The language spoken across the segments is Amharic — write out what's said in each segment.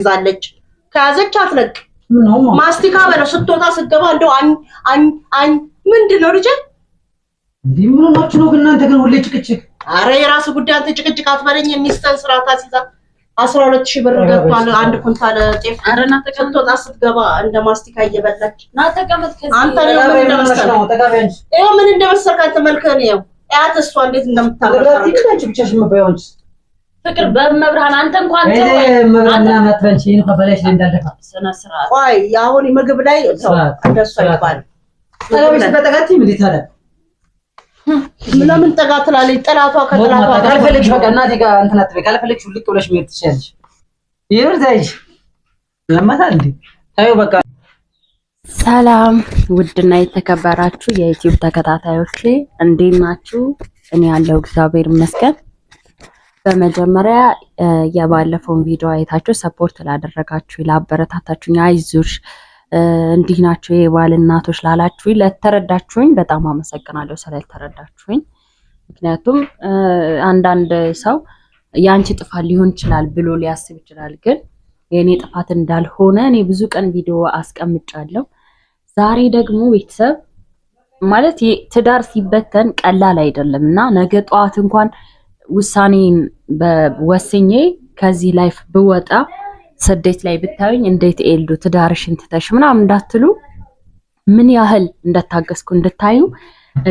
ይዛለች። ከያዘች አትለቅ። ማስቲካ በለው ስትወጣ ስገባ እንደው አኝ አኝ አኝ ምንድን ነው ልጄ ምንሆናችሁ ነው ግን እናንተ ግን ሁሌ ጭቅጭቅ። አረ የራስ ጉዳይ አንተ ጭቅጭቅ አትበለኝ። የሚስተን ስርዓት አስይዛ አስራ ሁለት ሺህ ብር ገብቷል አንድ ኩንታል ጤፍ። አረ ና ስትወጣ ስትገባ እንደ ማስቲካ እየበላች ና ተቀመጥ። አንተ ምን እንደመሰልክ አንተ መልክህን ያው እያት እሷ እንዴት እንደምታበላ ብቻ ሽምባዮንስ ፍቅር በመብርሃን አንተ እንኳን መብርሃና መትበልሽ ይህን ከበላሽ እንዳለፋ ስነ ስርዓት ቆይ አሁን ምግብ ላይ እንደሱ አይባልም። ጠለብሽ በጠጋት ምዲ ታለ ጠጋ ትላለች? ጠላቷ ከጠላቷ ካልፈለግሽ በቃ እናቴ ጋር እንትን አትበይ። ካልፈለግሽ ልቅ ብለሽ መሄድ ትችያለሽ። ይብር ታይሽ ለማታ እንዴ ታዩ በቃ ሰላም ውድና የተከበራችሁ የዩቲዩብ ተከታታዮች እንዴት ናችሁ? እኔ ያለው እግዚአብሔር ይመስገን። በመጀመሪያ የባለፈውን ቪዲዮ አይታችሁ ሰፖርት ላደረጋችሁ፣ ላበረታታችሁኝ፣ አይዞሽ እንዲህ ናቸው የባል እናቶች ላላችሁኝ፣ ለተረዳችሁኝ በጣም አመሰግናለሁ ስለተረዳችሁኝ። ምክንያቱም አንዳንድ ሰው የአንቺ ጥፋት ሊሆን ይችላል ብሎ ሊያስብ ይችላል። ግን የእኔ ጥፋት እንዳልሆነ እኔ ብዙ ቀን ቪዲዮ አስቀምጫለሁ። ዛሬ ደግሞ ቤተሰብ ማለት ትዳር ሲበተን ቀላል አይደለም እና ነገ ጠዋት እንኳን ውሳኔን ወስኜ ከዚህ ላይፍ ብወጣ ስደት ላይ ብታዩኝ እንዴት ኤልዱ ትዳርሽን ትተሽ ምናምን እንዳትሉ ምን ያህል እንደታገስኩ እንድታዩ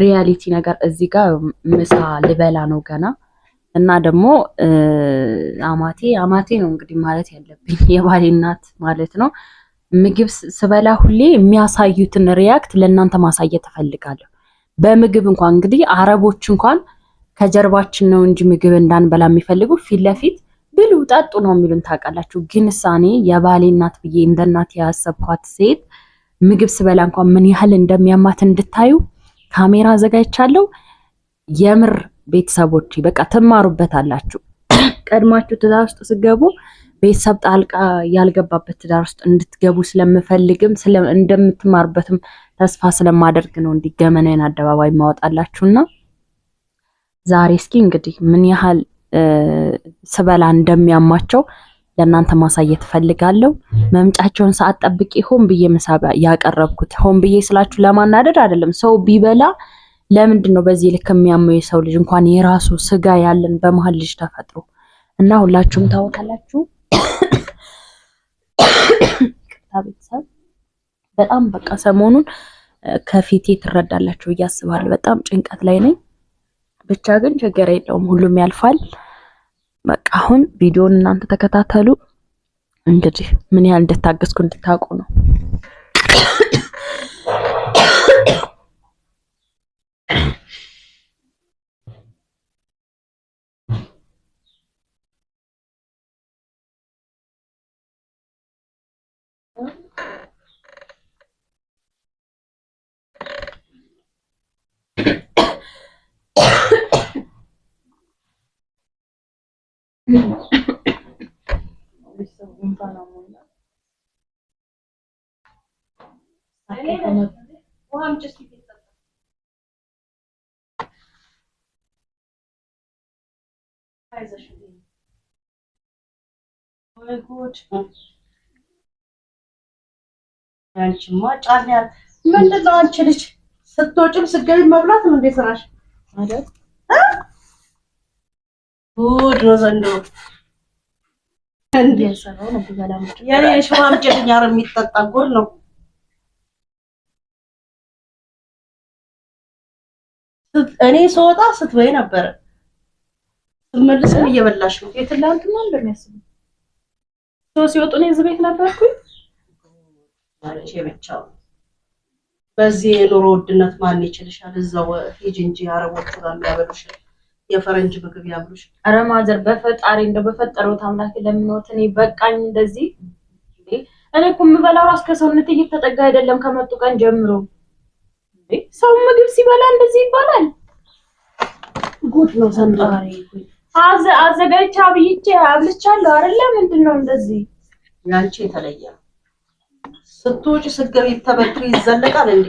ሪያሊቲ ነገር እዚህ ጋር ምሳ ልበላ ነው ገና እና ደግሞ አማቴ አማቴ ነው እንግዲህ ማለት ያለብኝ የባሌ እናት ማለት ነው። ምግብ ስበላ ሁሌ የሚያሳዩትን ሪያክት ለእናንተ ማሳየት እፈልጋለሁ። በምግብ እንኳን እንግዲህ አረቦች እንኳን ከጀርባችን ነው እንጂ ምግብ እንዳንበላ የሚፈልጉ ፊት ለፊት ብሉ ጠጡ ነው የሚሉን ታውቃላችሁ። ግን እሳኔ የባሌ እናት ብዬ እንደ እናት ያሰብኳት ሴት ምግብ ስበላ እንኳን ምን ያህል እንደሚያማት እንድታዩ ካሜራ አዘጋጅቻለሁ። የምር ቤተሰቦች በቃ ትማሩበታላችሁ። ቀድማችሁ ትዳር ውስጥ ስገቡ ቤተሰብ ጣልቃ ያልገባበት ትዳር ውስጥ እንድትገቡ ስለምፈልግም እንደምትማሩበትም ተስፋ ስለማደርግ ነው እንዲህ አደባባይ ማወጣላችሁና ዛሬ እስኪ እንግዲህ ምን ያህል ስበላ እንደሚያማቸው ለእናንተ ማሳየት ፈልጋለሁ። መምጫቸውን ሰዓት ጠብቄ ሆን ብዬ መሳቢያ ያቀረብኩት ሆን ብዬ ስላችሁ ለማናደድ አይደለም። ሰው ቢበላ ለምንድን ነው በዚህ ልክ የሚያመው? የሰው ልጅ እንኳን የራሱ ስጋ ያለን በመሀል ልጅ ተፈጥሮ እና ሁላችሁም ታወቃላችሁ። ቤተሰብ በጣም በቃ ሰሞኑን ከፊቴ ትረዳላችሁ ብዬ አስባለሁ። በጣም ጭንቀት ላይ ነኝ። ብቻ ግን ችግር የለውም፣ ሁሉም ያልፋል። በቃ አሁን ቪዲዮን እናንተ ተከታተሉ። እንግዲህ ምን ያህል እንደታገስኩ እንድታውቁ ነው። አንቺማ ጫን ያለ ምንድን ነው? አንቺ ልጅ ስትወጪም ስትገቢ መብላት ነው እንደ ስራሽ አይደል? ጉድ ነው ዘንድሮ። እንደ ስራው ነው የሚጠጣ ጉድ ነው። እኔ ስወጣ ስትበይ ነበረ ስትመልስም እየበላሽ ነው። የትላንትና እንደሚያስብ ሰው ሲወጡ ነው እዚህ ቤት ነበርኩኝ ማለት ብቻው። በዚህ የኑሮ ውድነት ማን ይችልሻል? እዛው ሂጅ እንጂ አረቦቹ ጋር ያበሉሽ፣ የፈረንጅ ምግብ ያብሉሽ። አረ ማዘር በፈጣሪ እንደ በፈጠረው አምላክ ለምንወት እኔ በቃኝ። እንደዚህ እኔ እኮ የምበላው ራስ ከሰውነት እየተጠጋ አይደለም ከመጡ ቀን ጀምሮ ሰው ምግብ ሲበላ እንደዚህ ይባላል? ጉድ ነው አዘ አዘጋጅቼ አብይቼ አብልቻለሁ አይደለ? ምንድን ነው እንደዚህ? ያንቺ የተለየ ነው። ስትወጪ ስትገቢ ተበትሪ ይዘለቃል እንዴ?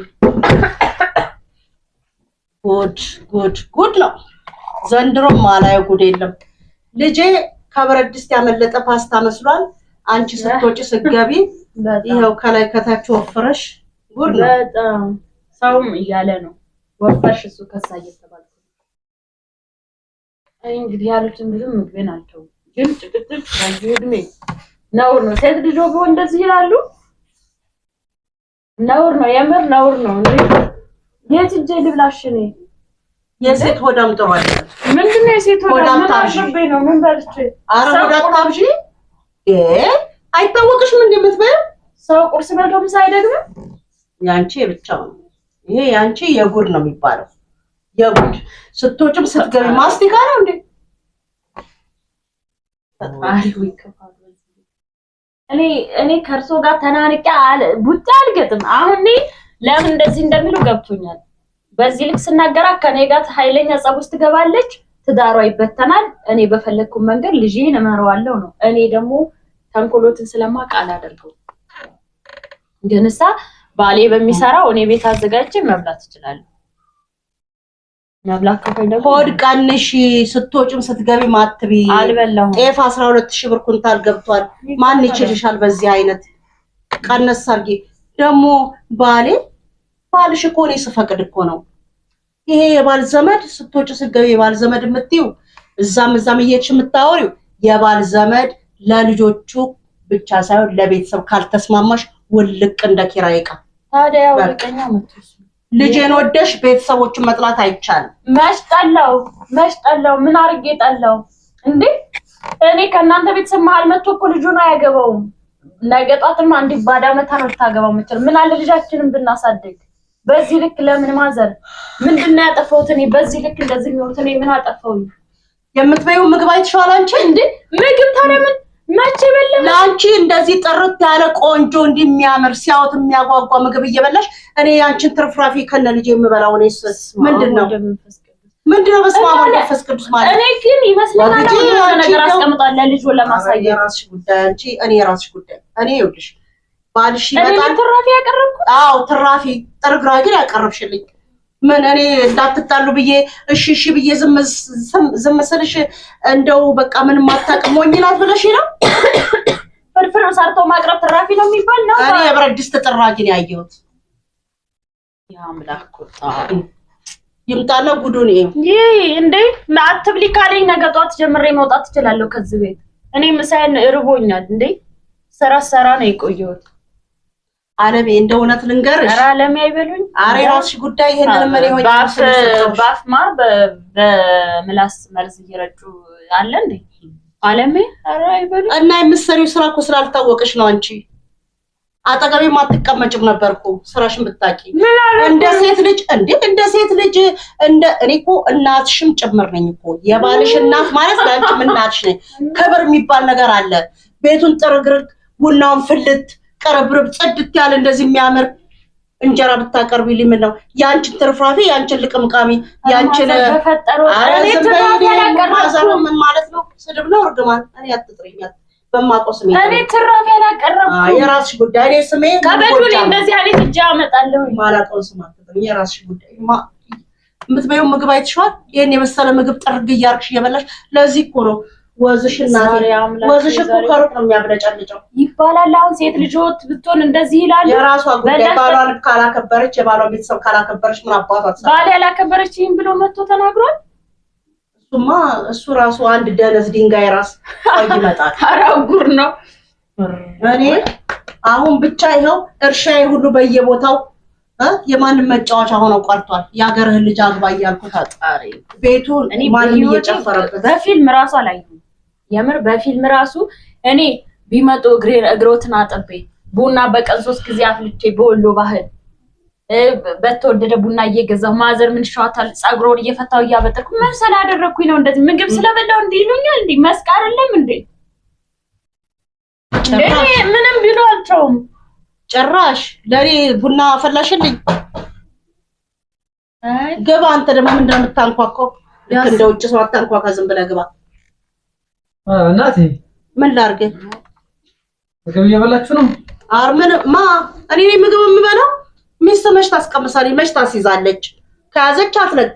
ጉድ ጉድ ጉድ ነው ዘንድሮም። ማላየው ጉድ የለም ልጄ። ከብረት ድስት ያመለጠ ፓስታ መስሏል። አንቺ ስትወጪ ስትገቢ ይኸው ከላይ ከታች ወፍረሽ ጉድ ነው። ሰውም እያለ ነው ወፈርሽ እሱ ከሳ እየተባለ አይ እንግዲህ ያሉትን ብዙ ምግብን አልተው ግን ጭቅጭቅ እድሜ ነውር ነው። ሴት ልጅ ወቦ እንደዚህ ይላሉ። ነውር ነው፣ የምር ነውር ነው። የት እጄ ልብላሽ እኔ የሴት ወዳም ጥሩ አይደለም። ምንድን ነው የሴት ወዳም ምን ነው? ምን በልቼ? አረ ወዳም ታብዢ እ አይታወቅሽም እንደምትበይ ሰው ቁርስ በልቶ ምሳ አይደግምም። ያንቺ ብቻ ነው ይሄ ያንቺ የጉድ ነው የሚባለው። የጉድ ስትወጭም ስትገቢ ማስቲካ ነው እንዴ? እኔ እኔ ከእርሶ ጋር ተናንቄ አለ ቡጫ አልገጥም። አሁን እኔ ለምን እንደዚህ እንደሚሉ ገብቶኛል። በዚህ ልክ ስናገራ ከኔ ጋር ኃይለኛ ጸብ ውስጥ ትገባለች፣ ትዳሯ ይበተናል። እኔ በፈለግኩ መንገድ ልጄን እመረዋለሁ ነው። እኔ ደግሞ ተንኮሎትን ስለማውቅ አላደርገውም ግን እሳ ባሌ በሚሰራው እኔ ቤት አዘጋጅቼ መብላት እችላለሁ። መብላት ከፈለኩ ሆድ ቀንሽ ስትወጭም ስትገቢ ማትቢ አልበላሁም። ጤፍ 12 ሺህ ብር ኩንታል ገብቷል። ማን ይችልሻል? በዚህ አይነት ቀነስ አድርጊ። ደግሞ ባሌ ባልሽ እኮ እኔ ስፈቅድ እኮ ነው ይሄ የባል ዘመድ ስትወጭ ስትገቢ የባል ዘመድ የምትይው እዛም እዛም እየሄድሽ የምታወሪው የባል ዘመድ ለልጆቹ ብቻ ሳይሆን ለቤተሰብ ካልተስማማሽ ውልቅ እንደ ኪራይ ዕቃ ታዲያ ሁለተኛ መጥቶሽ ልጄን ወደሽ ቤተሰቦችን መጥላት አይቻልም። መች ጠላው መች ጠላው? ምን አርጌ ጠላው እንዴ? እኔ ከእናንተ ቤተሰብ መሀል መጥቶ እኮ ልጁን አያገባውም። ነገ ጧትም አንዲ ባዳ መታ ነው ልታገባው የምትል። ምን አለ ልጃችንን ብናሳድግ በዚህ ልክ ለምን ማዘር? ምንድን ነው ያጠፋሁት እኔ? በዚህ ልክ እንደዚህ የሚሆኑት እኔ ምን አጠፋሁኝ? የምትበይው ምግብ አይተሽዋል አንቺ እንዴ? ምግብ ታዲያ ምን መቼ በላ ለአንቺ እንደዚህ ጥርት ያለ ቆንጆ እንዲህ የሚያምር ሲያዩት የሚያጓጓ ምግብ እየበላሽ እኔ ያንቺን ትርፍራፊ ከነ ልጄ የምበላው እኔ ምንድን ነው ምንድን ነው? በስመ አብ ወወልድ ቅዱስ ማለት እኔ ግን ይመስለኛል የሆነ ነገር አስቀምጧል ለልጁ ለማሳየት። የራስሽ ጉዳይ አንቺ እኔ የራስሽ ጉዳይ እኔ ይኸውልሽ ባልሽ ይመጣል። ትራፊ ያቀረብኩት አዎ፣ ትራፊ ጥርግራ ግን ያቀረብሽልኝ ምን እኔ እንዳትጣሉ ብዬ እሺ እሺ ብዬ ዝም ስልሽ እንደው በቃ ምንም አታውቅም ሞኝ ናት ብለሽ ነው? ፍርፍር ሰርቶ ማቅረብ ትራፊ ነው የሚባል ነው። እኔ የብረት ድስት ጥራጊ ነው ያየሁት። ያምላክ ቁጣ ይምጣለ ጉዱን ይሄ እንዴ አትብሊ ካለኝ ነገ ጠዋት ጀምሬ መውጣት እችላለሁ ከዚህ ቤት። እኔ ምሳይን እርቦኛል። እንዴ ሰራ ሰራ ነው የቆየሁት። አለሜ እንደ እውነት ልንገርሽ፣ ኧረ አለሜ አይበሉኝ። ኧረ የራስሽ ጉዳይ። ይሄንን መሪ ባፍ ባፍማ በምላስ መርዝ እየረጩ አለ እንዴ አለሜ። ኧረ አይበሉኝ። እና የምትሰሪው ስራ እኮ ስላልታወቅሽ ነው አንቺ አጠገቤ አትቀመጭም ነበርኩ ስራሽን ብታቂ። እንደ ሴት ልጅ እንዴት እንደ ሴት ልጅ እንደ እኔ እኮ እናትሽም ጭምር ነኝ እኮ የባልሽ እናት ማለት ለአንቺም እናትሽ ነኝ። ክብር የሚባል ነገር አለ። ቤቱን ጥርግርግ ቡናውን ፍልት ቅርብርብ ጽድት ያለ እንደዚህ የሚያምር እንጀራ ብታቀርብ ሊምን ነው የአንችን ትርፍራፊ የአንችን ልቅምቃሚ የአንችን ምን ማለት ነው? ስድብ ነው፣ እርግማን። እኔ አትጥሪኛል በማውቀው ስሜ እኔ ትራፊ አላቀረብኩም። የራስሽ ጉዳይ። እኔ ስሜ እንደዚህ አይነት አመጣለሁ። ስም የራስሽ ጉዳይ። የምትበይው ምግብ አይተሽዋል? የመሰለ ምግብ ጥርግ እያርግሽ እየበላሽ ለዚህ እኮ ነው ወዝሽ ወዝሽ እኮ ከሩቅ ነው የሚያብለጨልጨው ይባላል። አሁን ሴት ልጆት ብትሆን እንደዚህ ይላሉ። የራሷ ጉዳይ። ባሏን ካላከበረች፣ ቤተሰብ ካላከበረች ምን ባል ያላከበረች ይህን ብሎ መጥቶ ተናግሯል። እሱማ እሱ ራሱ አንድ ደነዝ ድንጋይ ራስ ይመጣል። ነው። እኔ አሁን ብቻ ይኸው እርሻዬ ሁሉ በየቦታው የማንም መጫወቻ ሆነው ቀርቷል። የሀገርህን ልጅ አግባ ቤቱን ማንም እየጨፈረበት በፊልም ራሱ አላየሁም የምር በፊልም ራሱ እኔ ቢመጡ እግሮትን አጥቤ ቡና በቀን ሶስት ጊዜ አፍልቼ በወሎ ባህል በተወደደ ቡና እየገዛው ማዘር ምን ሸዋታል ጸጉሮን እየፈታው እያበጠርኩ ምን ስላደረግኩኝ ነው እንደዚህ ምግብ ስለበላው እንዲ ይሉኛል። እንዲ መስቅ አይደለም እንዴ ምንም ቢሉ አልቸውም። ጭራሽ ለእኔ ቡና ፈላሽልኝ ግባ። አንተ ደግሞ ምንድነው የምታንኳኳው? ልክ እንደ ውጭ ሰው አታንኳካ፣ ዝም ብለህ ግባ። እናቴ ምን ላርገ ምግብ እየበላችሁ ነው? ኧረ ማ እኔ ምግብ የምበላው ሚስት መች ታስቀምሳለች፣ መች ታስይዛለች። ከያዘች አትለቅ።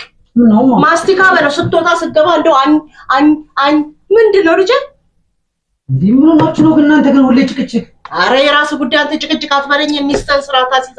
ማስቲካ በለው ስትወጣ ስትገባ እንደው አኝ አኝ አኝ ምንድን ነው ልጄ? እንዲህ ምን ሆናችሁ ነው ግን እናንተ ግን ሁሌ ጭቅጭቅ። ኧረ የራስ ጉዳይ አንተ ጭቅጭቅ አትበለኝ። የሚስተን ስራ ታስይዛ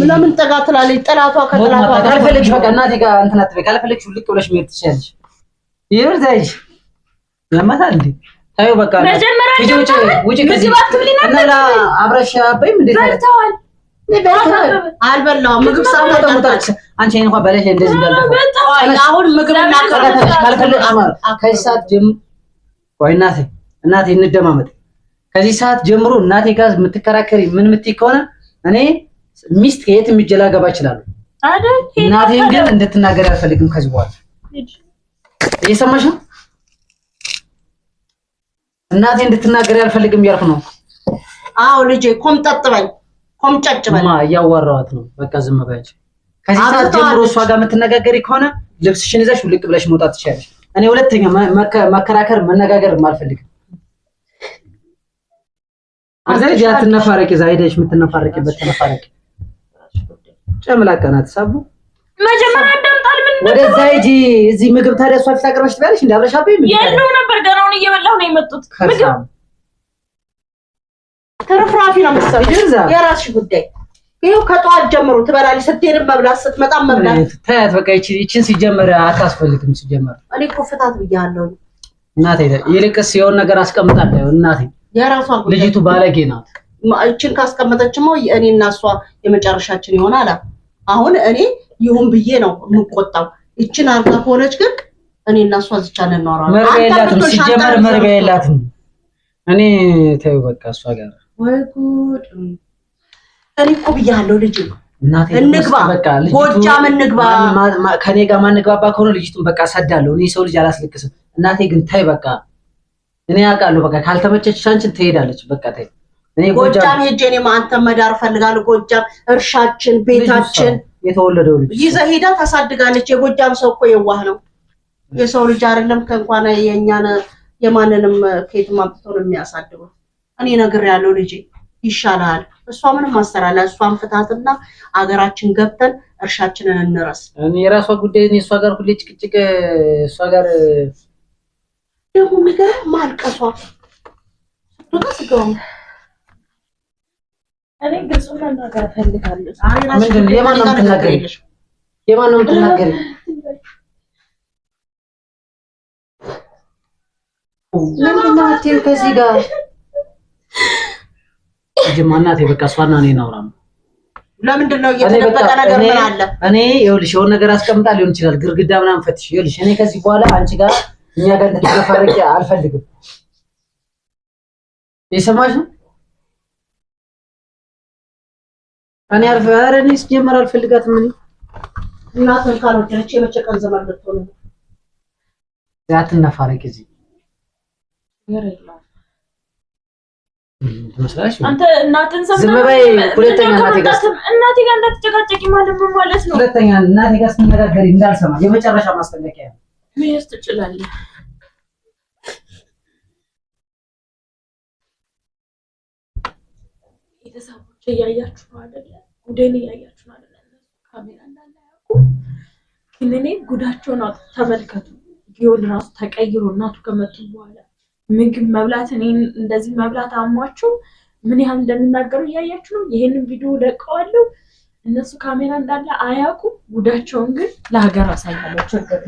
ምናምን ጠጋ ትላለች። ጠላቷ ከጠላቷ ካልፈለግሽ በቃ እናቴ ጋር እንትን አትበይ። ካልፈለግሽ ልቅ ብለሽ መሄድ ትችያለሽ። ይሄን ዘይ ለማታ እንዴ? ታዩ በቃ መጀመሪያ ውጪ ውጪ ከዚህ እና አብረሽ አበይም እንዴ ታይቷል። አልበላሁም ምግብ ሳታጠጣች አንቺ እንኳን በለሽ እንደዚህ እንዳልደፋ አሁን ምግብ ከዚህ ሰዓት ጀምሮ ቆይ እናቴ እናቴ እንደማመጥ ከዚህ ሰዓት ጀምሮ እናቴ ጋር የምትከራከሪ ምን የምትይ ከሆነ እኔ ሚስት ከየት የሚጀላ ገባ ይችላሉ። እናቴን ግን እንድትናገር አልፈልግም ከዚህ በኋላ እየሰማሽ ነው። እናቴ እንድትናገር አልፈልግም እያልኩ ነው። አዎ ልጄ ኮምጠጥ በል ኮምጨጭ በል። ማ እያዋራኋት ነው። በቃ ዝም በያቸው። ከዚህ ሰዓት ጀምሮ እሷ ጋር የምትነጋገሪ ከሆነ ልብስሽን ይዘሽ ውልቅ ብለሽ መውጣት ትችያለሽ። እኔ ሁለተኛ መከራከር መነጋገር አልፈልግም። አዘ ያትነፋረቂ ዛ ሄደሽ የምትነፋረቂበት ተነፋረቂ ጨምላ ቀናት መጀመሪያ እንደምጣል ምን ነው ወደዛ ሂጂ። እዚህ ምግብ ታዲያ እሷ ፊት አቅርበሽ ትበያለሽ። አብረሻ የለው ነበር። ገናውን እየበላሁ ነው የመጡት። ምግብ ተረፍራፊ ነው መሰለኝ። የራስሽ ጉዳይ። ይሄው ከጠዋት ጀምሮ ትበላለች። ስትሄድም መብላት ስትመጣም መብላት። ታያት በቃ ይቺ ይቺን ሲጀመር አታስፈልግም። ሲጀመር እኔ እኮ ፍታት ብያለሁ። እናቴ ይልቅስ የሆነ ነገር አስቀምጣለሁ። እናቴ የራሷ ልጅቱ ባለጌ ናት። እችን ካስቀመጠችማ እኔ እና እሷ የመጨረሻችን ይሆናል። አሁን እኔ ይሁን ብዬ ነው የምቆጣው። እችን አርጋ ከሆነች ግን እኔ እና እሷ ዝቻለን እናወራለን። መርቢያ የላትም ሲጀመር፣ መርቢያ የላትም። እኔ ተይው በቃ እሷ ጋር ወይ ጉድ። እኔ እኮ ብያለሁ ልጅ እንግባ ጎጃም እንግባ። ከኔ ጋር ማንግባባ ከሆነ ልጅቱን በቃ ሰዳለሁ። እኔ ሰው ልጅ አላስለቅስም። እናቴ ግን ታይ በቃ እኔ አውቃለሁ። በቃ ካልተመቸች አንቺን ትሄዳለች። በቃ ታይ ጎጃም ሄጄ እኔም አንተን መዳር እፈልጋለሁ። ጎጃም እርሻችን፣ ቤታችን የተወለደው ልጅ ይዘህ ሄዳ ታሳድጋለች። የጎጃም ሰው እኮ የዋህ ነው። የሰው ልጅ አይደለም ከእንኳን የእኛን የማንንም ከየትም አምጥቶ ነው የሚያሳድጉት። እኔ ነግሬያለሁ ልጄ ይሻላል። እሷ ምንም አሰራለ እሷን ፍታትና አገራችን ገብተን እርሻችንን እንረስ። የራሷ ጉዳይ እኔ እሷ ጋር ሁሌ ጭቅጭቅ እሷ ጋር ደግሞ ነገር ማልቀሷ ስትወጣ እኔ ግልጽ መናገር እፈልጋለሁ። የማን ነው የማን ነው ምንድን ነው የምትይው? ከዚህ ጋር እናቴ በቃ እሷና እኔ እናውራ። ለምንድን ነው እየተደበቀ ነገር ምን አለ? እኔ ይኸውልሽ የሆነ ነገር አስቀምጣ ሊሆን ይችላል ግድግዳ ምናምን ፈትሽ። ይኸውልሽ እኔ ከዚህ በኋላ አንቺ ጋር እኛ ጋር አልፈልግም። የሰማሽ ነው እኔ አልፈ ኧረ እኔ ስጀምር አልፈልጋትም። እኔ እናትን ካልወደደች የመቼ ቀን ዘመን ልትሆን ነው? አትነፋረቂ እዚህ አንተ እናትን እናቴ ጋር እንዳትጨቃጨቂ ማለት ምን ማለት ነው? ሁለተኛ እናቴ ጋር ስትነጋገሪ እንዳልሰማ የመጨረሻ ማስጠንቀቂያ ነው። ትችላለህ። ቤተሰብ እያያችሁ ነው አይደለ? ጉዴን እያያችሁ ነው አይደለ? ካሜራ እንዳለ አያውቁም፣ ግን እኔ ጉዳቸውን ተመልከቱ። ጊዮን ራሱ ተቀይሮ እናቱ ከመጡ በኋላ ምግብ መብላት እኔ እንደዚህ መብላት አሟቸው ምን ያህል እንደሚናገሩ እያያችሁ ነው። ይሄንን ቪዲዮ ለቀዋለሁ። እነሱ ካሜራ እንዳለ አያውቁም። ጉዳቸውን ግን ለሀገር አሳያለሁ። ችግር